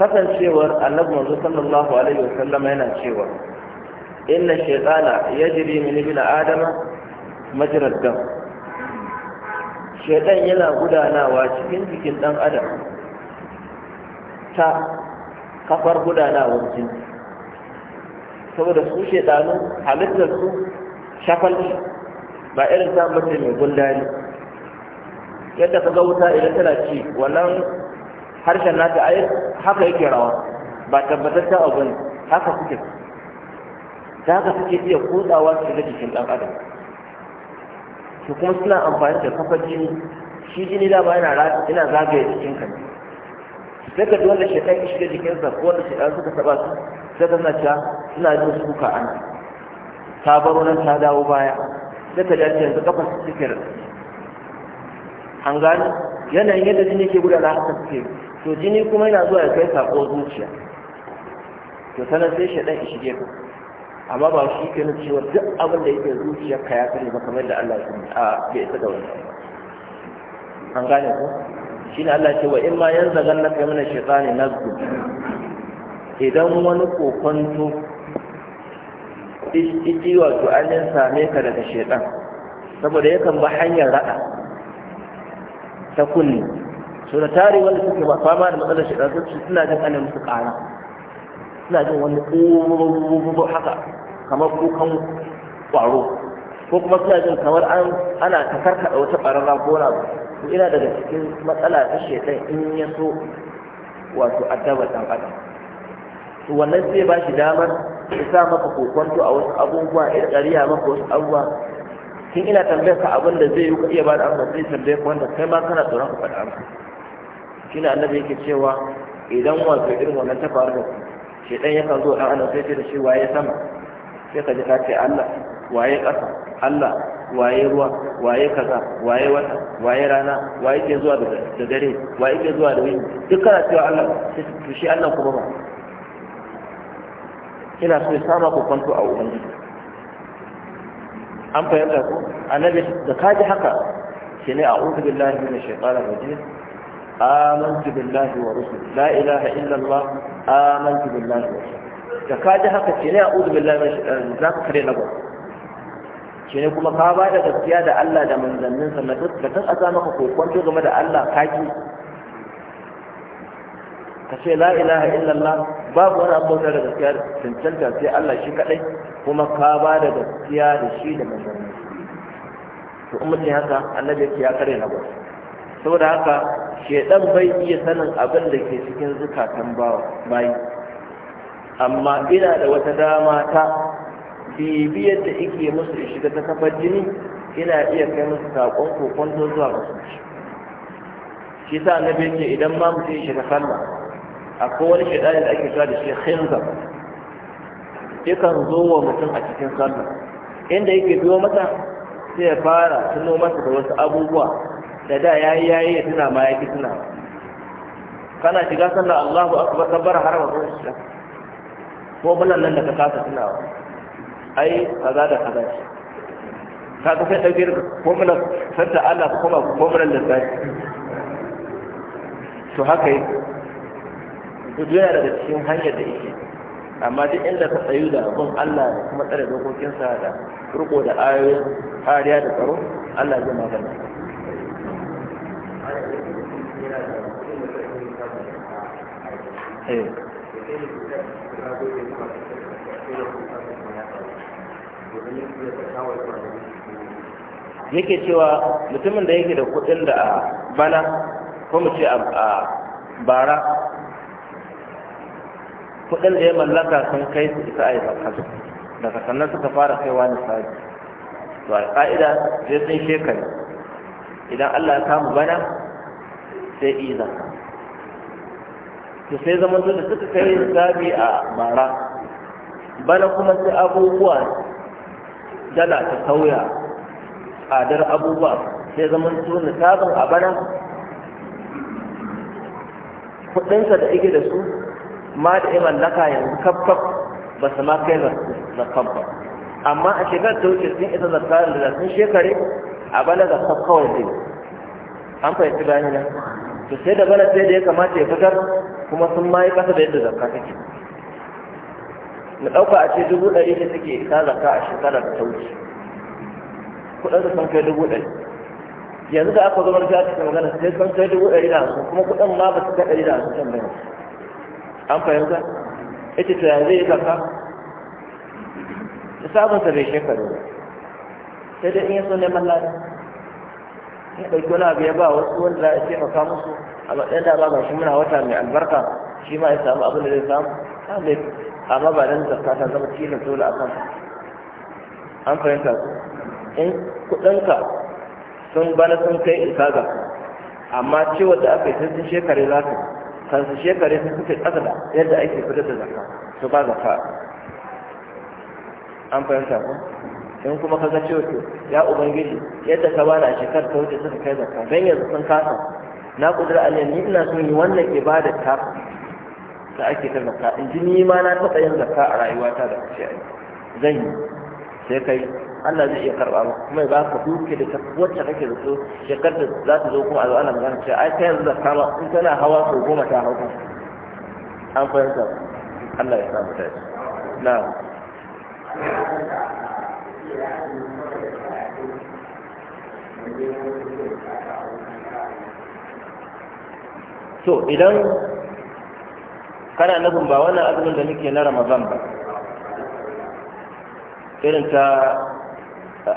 kasancewar annabi manzo sallallahu alaihi wasallam yana cewa inna shaytana yajri min ibn adama majra dam shaidan yana gudanawa cikin jikin dan adam ta kafar gudanawar jini saboda su shaidanu halittar su shafalci ba irin ta mace mai gundari yadda ka ga wuta idan tana ci wannan harshen nata ai haka yake rawa ba tabbataccen abu ne haka suke ta haka suke iya kutsawa su ga jikin dan adam su kuma suna amfani da kafafin shi jini da ba yana yana zagaye cikin ka sai ka wanda shaitan ya shiga jikinsa ko wanda shaitan suka taba su sai ka cewa suna jin suka an ta baro nan ta dawo baya sai ka dace yanzu kafa su cikin an gane yanayin yadda jini ke gudana haka suke to jini kuma yana zuwa ya kai sako zuciya to sanar sai shaitan ya shige ka amma ba shi ke nufi cewa duk abin da yake zuciyar ka ya kare ba kamar da Allah ya a bai isa da wani an gane ko ne Allah ce wa in ma yanzu na kai mana shaytani nazgu idan wani kokonto iji wato an yin same ka daga shaitan saboda yakan ba hanyar raɗa ta kunni so da tare wanda suke ba fama da matsalar shaitan sun suna jin ana musu ƙara suna jin wani ƙoro haka kamar kukan ƙwaro ko kuma suna jin kamar ana ta karkaɗa wata ɓararra ko na to ina daga cikin matsala ta shaitan in ya so wato addaba ɗan adam to wannan zai ba shi damar ya sa maka kokonto a wasu abubuwa ya ƙariya maka wasu abubuwa Kin ina tambayar ka abin da zai yi ka iya ba da amsa sai tambayar ka wanda kai ma kana tsoron ka faɗa amsa shine annabi yake cewa idan wato irin wannan ta faru da ku shedan yakan zo dan adam sai da shi waye sama sai ka ji ka ce Allah waye ƙasa Allah waye ruwa waye kaza waye wata waye rana waye ke zuwa da dare waye ke zuwa da wuni? duk kana cewa Allah to shi Allah kuma ba ina so ya sama ku kwanto a ubangiji an fahimta ko annabi da kaji haka shi ne a'udhu billahi minash shaitanir rajim آمنت بالله wa لا إله إلا الله آمنت بالله ورسله rusul da ka ji haka ce ne a uzu billahi mai shaɗan za ka kare na ce ne kuma ka ba da gaskiya da Allah da manzanninsa na tattatan a tsaka maka kokonto game da Allah kaki ka ce la ilaha illallah babu wani abu da gaskiya da cancanta sai Allah shi kadai, kuma ka ba da gaskiya da shi da sa to in mutum haka annabi ya kare na gwamnati saboda haka shedan bai iya sanin abin da ke cikin zukatan bayi amma ina da wata dama ta bibiyar da ike musu shiga ta kafar jini ina iya kai musu saƙon kokonto zuwa masu shi. shi sa na ce idan ma mutum ya shiga sallah akwai wani shedani da ake da shi khinzab yakan zo wa mutum a cikin sallah inda yake biyo mata sai ya fara tuno masa da wasu abubuwa da da yayi yayi ya tuna ma ya ki tuna kana shiga sallar Allahu akbar kabbar harama ko shiga ko bulan nan da ka kasa tunawa ai kaza da kaza ka ga sai dauke ko mun santa Allah ko ma ko mun da sai to haka yi duk yana daga cikin hanyar da yake amma duk inda ka tsayu da abin Allah da kuma tsare dokokinsa da riko da ayoyin kariya da tsaro Allah zai magana yake cewa mutumin da yake da kudin da a bana ko mu ce a bara kudin da ya mallaka sun kai su isa a yi daga sannan suka fara kaiwa nisabi to a ka'ida zai sun shekaru idan Allah ya samu bana sai iza to sai zaman da suka kai zabi a mara. bana kuma sai abubuwa dala ta sauya tsadar abubuwa sai zaman to nisabin a bana kudinsa da ike da su ma da ya mallaka yanzu kafkaf ba su ma kai na ba amma a shekarar ta wuce sun isa zakka da sun shekare a balaga sab kawai zai an fahimci gani nan to sai da bana sai da ya kamata ya fitar kuma sun ma kasa da yadda zakka take na ɗauka a ce dubu ɗari da take isa zakka a shekarar da ta wuce kuɗin da sun kai dubu ɗari yanzu da aka zama ta cikin magana sai sun kai dubu ɗari da hamsin kuma kuɗin ma ba su kai ɗari da hamsin ba an fahimta ita ta yanzu ya zakka sabon sa bai shekaru ba sai dai in ya so neman lada ya ɗauki wani abu ya ba wasu wanda za a taimaka musu a matsayin da ba shi muna wata mai albarka shi ma ya samu abin da zai samu kamar amma ba dan zakka ta zama tilin dole a kan an fahimta su in kuɗinka sun bana sun kai isaga amma ciwon da aka yi sun shekare za su. kansu shekare sun suka ƙasa da yadda ake fitar da zakka su ba zakka an fahimta ku in kuma ka gace cewa to ya ubangiji yadda ka bani a shekarar ta wuce suka kai zakka dan yanzu sun kasa na kudura aliyan ni ina son yi wannan ibada ta da ake ta zakka in ji ni ma na taɓa yin zakka a rayuwata da kace ai zan yi sai kai Allah zai iya karɓa maka kuma ya baka duke da ta wacce kake da so shekarar da za ta zo kuma a zo ana magana cewa ai ta yanzu zakka ma in tana hawa sau goma ta hau an fahimta Allah ya samu dace na'am so idan kana nufin ba wannan azumin da nake na ramadan ba irin ta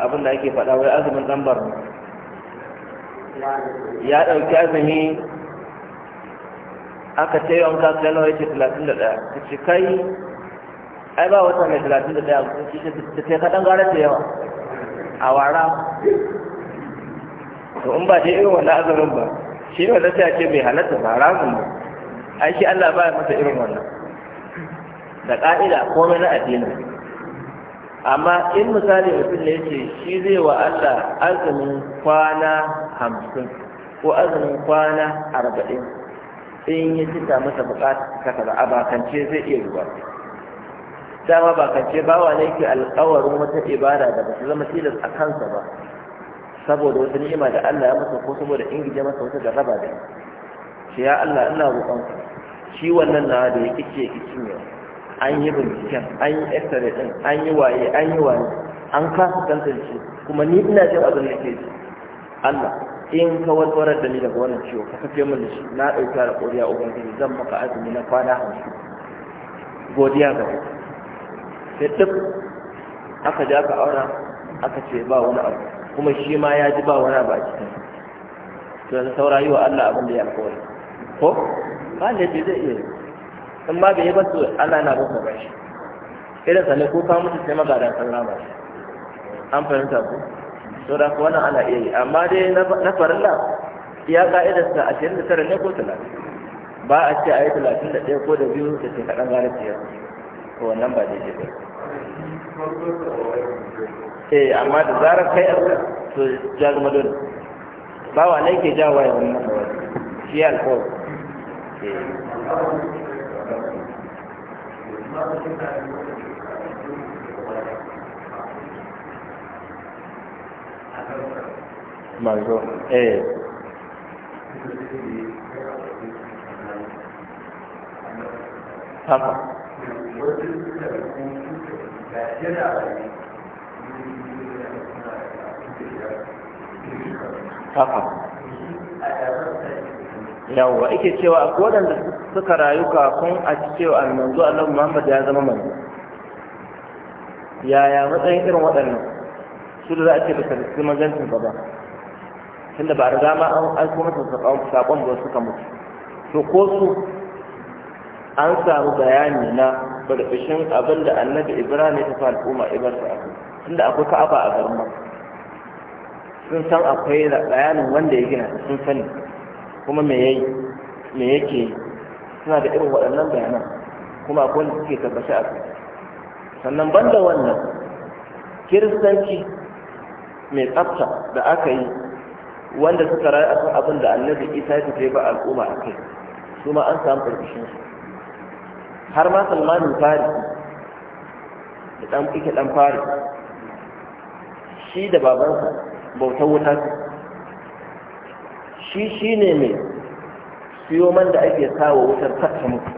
abin da ake faɗa wai azumin zambar ya ɗauki azumi aka ce yawan kasuwa na wace 31 ta ce kai ai ba wata mai talatin da daya kuma shi ta ce kaɗan gara ta yawa a wara to in ba dai irin wannan azumin ba shi ne wanda ta ce bai halatta ba ramin ba ai shi Allah ba ya masa irin wannan da ƙa'ida komai na addini amma in misali mutum ne ce shi zai wa Allah azumin kwana hamsin ko azumin kwana arba'in in yi cika masa bukatar ta kaza a zai iya zuwa dama ba kace bawa ne ke alƙawarin wata ibada da ba su zama tilas a kansa ba saboda wata ni'ima da Allah ya masa ko saboda ingije masa wata raba da shi ya Allah ina roƙon ka shi wannan na da yake ce ki cinye an yi binciken an yi x din an yi waye an yi waye an kasa tantance kuma ni ina jin abin da ke ji Allah in ka warware da ni daga wannan ciwo ka kafe min da shi na ɗauki da ƙoriya ubangiji zan maka azumi na kwana hamsin godiya ga kai sai duk aka ji aka aura, aka ce ba wani abu kuma shi ma ya ji ba wani abu a cikin Su yanzu saura yi wa Allah abin da ya kawai ko ba da yake zai iya in ba da yi ba su Allah na baka ba shi irin sa ne ko kawo mutu sai magada san rama shi an fahimta ku. to da wannan ana iya yi amma dai na farin nan. ya a sa tara ne ko talatin. ba a ce a yi da ɗaya ko da biyu da ke kaɗan gane ciyar Ko wannan ba daidai ba ke eh, amma da zarar kai a to ya zama dole bawa ne ke jawo ya wannan shi alkawari eh. manzo eh haka haka yawwa ake cewa akwai waɗanda suka rayu kafin a cewa manzo Allah Muhammad ya zama manzo yaya matsayin irin waɗannan su da za a ce da sarki manzancin ba ba da ba riga ma an aiko masa saƙon ba suka mutu to ko su an samu bayani na barbishin abin da annabi ibrahim ya tafi al'umma ibarsa a kai da akwai ka'aba a garin makka sun san akwai bayanin wanda ya gina sun sani kuma me ya ke yake suna da irin waɗannan bayanan kuma akwai wanda suke tabbata a kai sannan ban da wannan kiristanci mai tsafta da aka yi wanda suka rayu a kan abin da annabi isa ya tafi ba al'umma a kai su ma an samu ƙarƙashin su har ma salmanin fari da ɗan ike ɗan fari shi da babansa bautar wuta shi shi ne mai siyo man da ake sawa wutar kasta mutu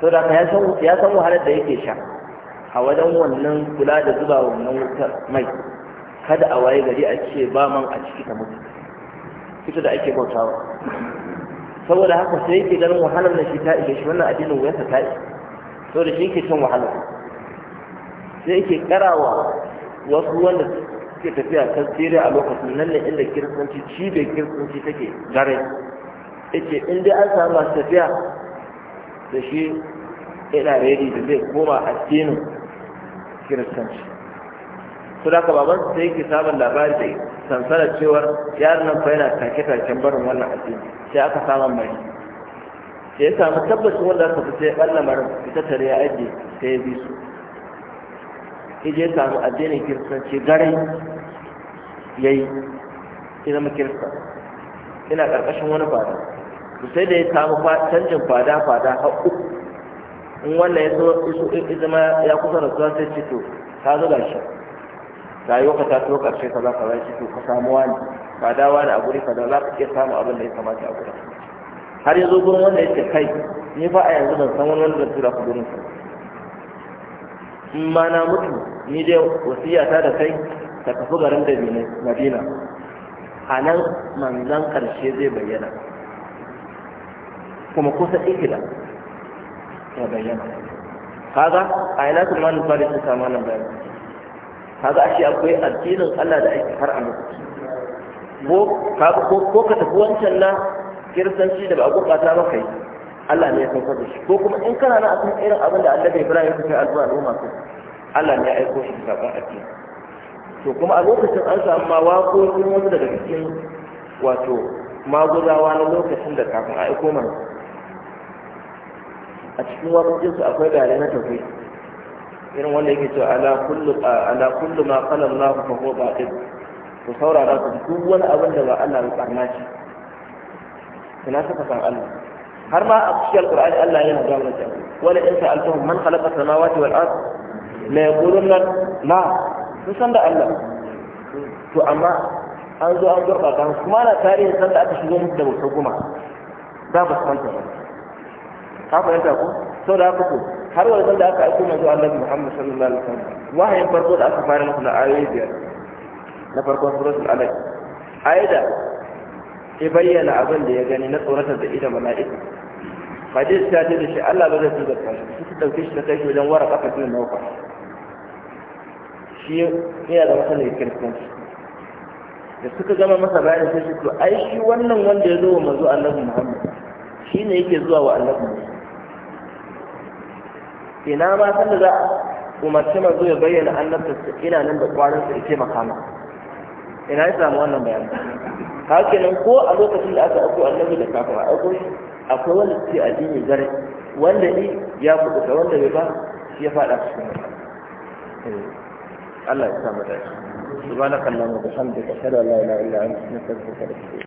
sau da ya san wahalar da yake sha a wajen wannan kula da zuba wannan wutar mai kada a waye gari a ce ba man a ciki ta mutu ita da ake bautawa saboda haka sai yake ganin wahalar da shi ta ishe shi wannan addinin wuyarsa ta ishe saboda shi yake shan wahalar sai yake karawa wasu wanda suke tafiya kan tsere a lokacin nan ne inda kiristanci cibiyar kiristanci take gare yake in dai an samu masu tafiya da shi yana redi da zai koma addinin kiristanci su da ka babansu sai yake samun labari da sansanar cewar yaran nan fa yana take-taken barin wannan addini sai aka samun mari sai ya samu tabbacin wanda aka fi sai ɓalla marin ita tare ya ajiye sai ya bi su ije ya samu addinin kiristanci garai ya yi ya zama kirista ina ƙarƙashin wani fada to sai da ya samu canjin fada-fada har uku in wannan ya zama ya kusa da rasuwa sai ce to ka zo shi. rayuwa ka ta to karshe ka za ka zai ciki ka samu wani ka dawa da a guri ka da za ka iya samu abin da ya kamata a gurin har yanzu gurin wanda yake kai ni ba a yanzu ban san wani wanda zai tura ku gurin sa in ma na mutu ni dai wasiya ta da kai ka tafi garin da madina a nan manzan karshe zai bayyana kuma kusa ikila ya bayyana kaga a ina kuma manufa da suka mana bayan kaga ashe akwai addinin Allah da ake har a lokaci ko ka tafi wancan na kiristanci da ba a gurɓata ba kai Allah ne ya saukar da shi ko kuma in kana na akan irin abin da Allah bai fara yin kai alfa al'umma ko Allah ne ya aiko shi da a addini to kuma a lokacin an samu ma waƙoƙin wani daga cikin wato maguzawa na lokacin da kafin a aiko mana a cikin waƙoƙinsu akwai gare na tafi irin wanda yake cewa ala kullu ala kullu ma qala Allah fa huwa batil ku saurara ku duk wani abin da ba Allah ba karna shi kana saka san Allah har ma a cikin alqur'ani Allah yana ga mana cewa wala in sa'altahum man khalaqa samawati wal ard la yaquluna la sun san da Allah to amma an zo an gurbata kuma na tarihin san da aka shigo musu da wata guma za ba su kwanta ba ka fahimta ko sau da haka ko har wa sanda aka aiko manzo Allah Muhammad sallallahu alaihi wasallam wahayin farko da aka fara masa na ayoyi biyar na farkon suratul alaq aida ya bayyana abin da ya gani na tsoratar da ita mala'ika hadis ta ce da shi Allah ba zai tsoratar ta shi su dauke shi na kai shi wajen wara kafa tun nauka shi yana da masanin kiristanci da suka gama masa bayani sai su to ai shi wannan wanda ya zo manzo Allah Muhammad shine yake zuwa wa Allah Muhammad ina ma san da za a umarci manzo ya bayyana annabta ina nan da kwarin su yake makama ina ya samu wannan bayani haka nan ko a lokacin da aka aiko annabi da kafin a aiko akwai wanda a jini zare wanda ni ya fukuta wanda bai ba shi ya fada cikin eh, Allah ya sa mu dace subhanakallahumma wa bihamdika ashhadu an la ilaha illa anta astaghfiruka wa atubu